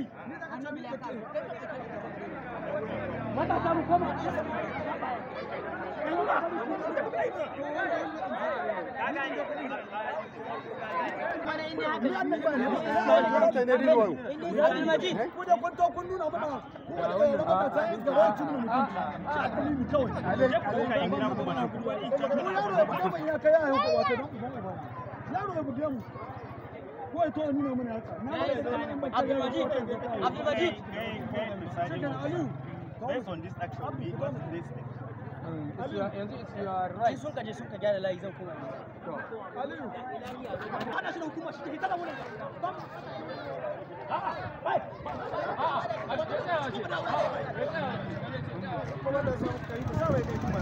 kai matasa mu koma yaro ya buge mu kawai to nuna mana haka na ba da Abdulmajid Abdulmajid based on this action we got this mm, yanzu it's your right sun kaje sun ka gyara layi ah, ah, Come on.